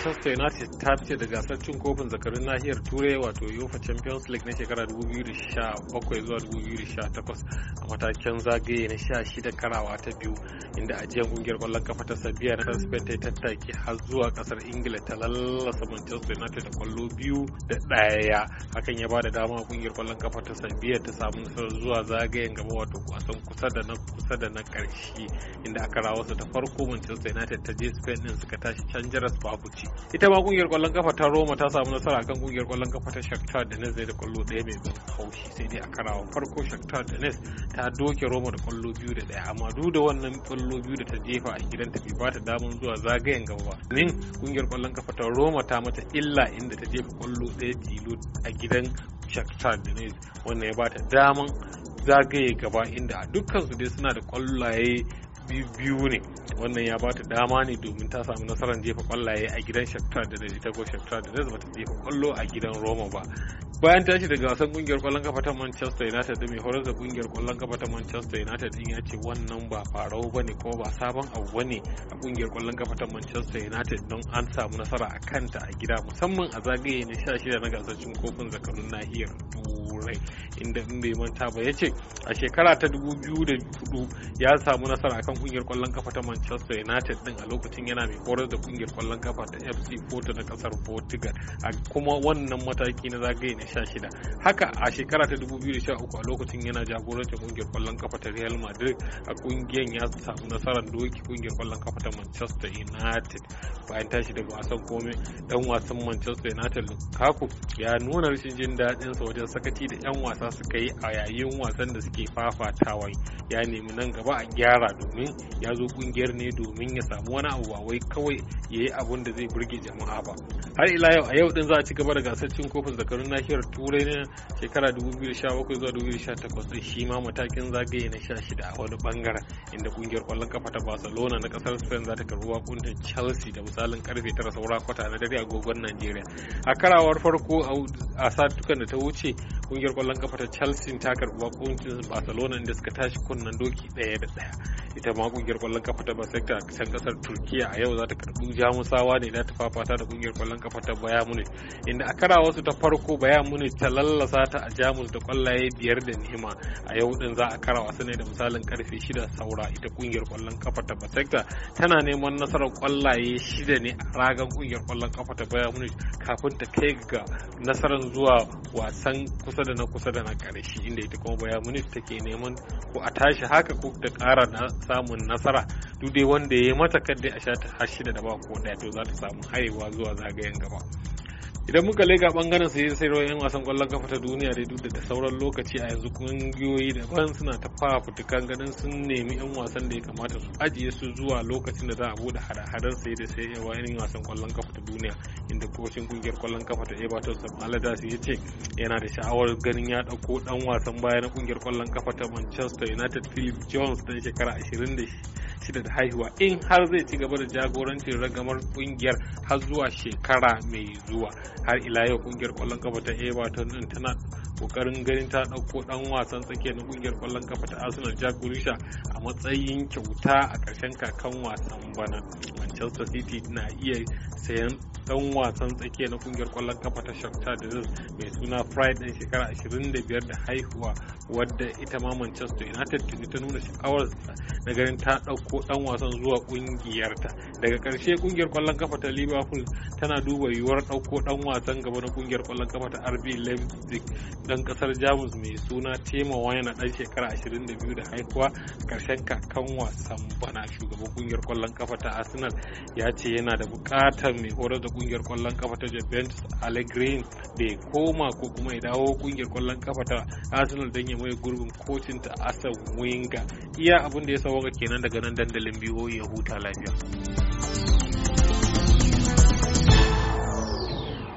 Manchester United ta fice da gasar cin kofin zakarun nahiyar Turai wato UEFA Champions League na shekara 2017 zuwa 2018 a matakin zagaye na 16 karawa ta biyu inda ajiyar kungiyar kwallon kafa ta Sabiya na Spain ta tattaki har zuwa kasar Ingila ta lallasa Manchester United da kwallo biyu da ɗaya hakan ya da dama kungiyar kwallon kafa ta Sabiya ta samu nasarar zuwa zagayen gaba wato wasan kusa da na kusa da na ƙarshe inda aka rawarsa ta farko Manchester United ta je Spain din suka tashi can jaras babu ci ita ma kungiyar kwallon kafa ta roma ta samu nasara akan kungiyar kwallon kafa ta shakhtar donetsk ne da kwallo daya mai ban haushi sai dai a karawa farko shakhtar donetsk ta doke roma da kwallo biyu da daya amma duk da wannan kwallo biyu da ta jefa a gidan gidanta bai ta damar zuwa zagayen gaba ba domin kungiyar kwallon kafa ta roma ta mata illa inda ta jefa kwallo daya tilo a gidan shakhtar donetsk wannan ya ba ta daman zagaye gaba inda a dukkan su dai suna da kwallaye biyu ne wannan ya bata dama ne domin ta samu nasarar jefa kwallaye a gidan shakta da ta ko shakta da ta jefa kwallo a gidan roma ba bayan tashi daga wasan kungiyar kwallon kafa ta Manchester United da mai horar da kungiyar kwallon kafa ta Manchester United din ya ce wannan ba farau ne ko ba sabon abu bane a kungiyar kwallon kafa ta Manchester United don an samu nasara a kanta a gida musamman a zagaye na 16 na gasar cin kofin zakarun nahiyar turai inda in bai manta ba ya ce a shekara ta 2004 ya samu nasara akan kungiyar kwallon kafa ta Manchester United din a lokacin yana mai horar da kungiyar kwallon kafa ta FC Porto na kasar Portugal a kuma wannan mataki na zagaye na 2016 haka a shekara ta 2013 a lokacin yana jagorancin kungiyar kwallon kafa ta Real Madrid a kungiyar ya samu nasarar doki kungiyar kwallon kafa ta Manchester United bayan tashi daga wasan komai dan wasan Manchester United Lukaku ya nuna rashin jin daɗin sa wajen sakaci da 'yan wasa suka yi a yayin wasan da suke fafatawa ya nemi nan gaba a gyara domin ya zo kungiyar ne domin ya samu wani abu wai kawai ya yi abun da zai burge jama'a ba har ila yau a yau din za a ci gaba da gasar cin kofin zakarun nahiyar nahiyar turai na shekara 2017 zuwa 2018 din shi ma matakin zagaye na 16 a wani bangaren inda kungiyar kwallon kafa ta barcelona na kasar spain za ta karbi wakuntar chelsea da misalin karfe 9 saura kwata na dare agogon nigeria a karawar farko a satukan da ta wuce kungiyar kwallon kafa ta chelsea ta karbi wakuncin barcelona inda suka tashi kunnen doki daya da daya ita ma kungiyar kwallon kafa ta basekta a can kasar turkiya a yau za ta karbi jamusawa ne na tafafata da kungiyar kwallon kafa ta bayan munich inda a kara wasu ta farko bayan muni ta lallasa ta a jamus da kwallaye biyar da nema a yau din za a kara wasu ne da misalin karfe shida saura ita kungiyar kwallon kafa ta basekta tana neman nasarar kwallaye shida ne a ragan kungiyar kwallon kafa ta bayan munich kafin ta kai ga nasarar zuwa wasan kusa kusa da na kusa da na karshe inda ita kuma bayan munich take neman ko a tashi haka ko ta ƙara na samun nasara duk dai wanda ya yi mata kadai a sha ta shida da ba ko ɗaya to za ta samu haihuwa zuwa zagayen gaba. idan muka lega bangaren sai sai yan wasan kwallon kafa ta duniya dai duk da sauran lokaci a yanzu kungiyoyi daban suna ta fitukan ganin sun nemi yan wasan da ya kamata su ajiye su zuwa lokacin da za a bude hada-hadar sai da sai yan wasan kwallon kafa ta duniya inda kocin kungiyar kwallon kafa ta Everton Sam Allardyce ya ce yana da sha'awar ganin ya dauko dan wasan baya na kungiyar kwallon kafa ta Manchester United Philip Jones dan shekara 26 shida da haihuwa in har zai ci gaba da jagorancin ragamar kungiyar har zuwa shekara mai zuwa har ila yau kungiyar kwallon kafa ta Everton din tana kokarin ganin ta dauko dan wasan tsakiya na kungiyar kwallon kafa ta Arsenal Jack Grealish a matsayin kyauta a karshen kakan wasan bana Manchester City na iya sayan dan wasan tsakiya na kungiyar kwallon kafa ta Shakhtar Donetsk mai suna Pride din shekara 25 da haihuwa wadda ita ma Manchester United tuni ta nuna sha'awar na garin ta dauko dan wasan zuwa kungiyarta daga karshe kungiyar kwallon kafa ta Liverpool tana duba yiwuwar dauko dan wasan gaba na kungiyar kwallon kafa ta RB Leipzig dan kasar Jamus mai suna Timo Werner dan shekara 22 da haihuwa karshen kakan wasan bana shugaban kungiyar kwallon kafa ta Arsenal ya ce yana da bukatar mai horar da kungiyar kwallon kafa ta Juventus Allegri da ya koma ko kuma ya dawo kungiyar kwallon kafa ta Arsenal don ya mai gurbin kocin ta winga Wenger iya abin da ya sauka kenan daga nan dandalin biyo ya huta lafiya.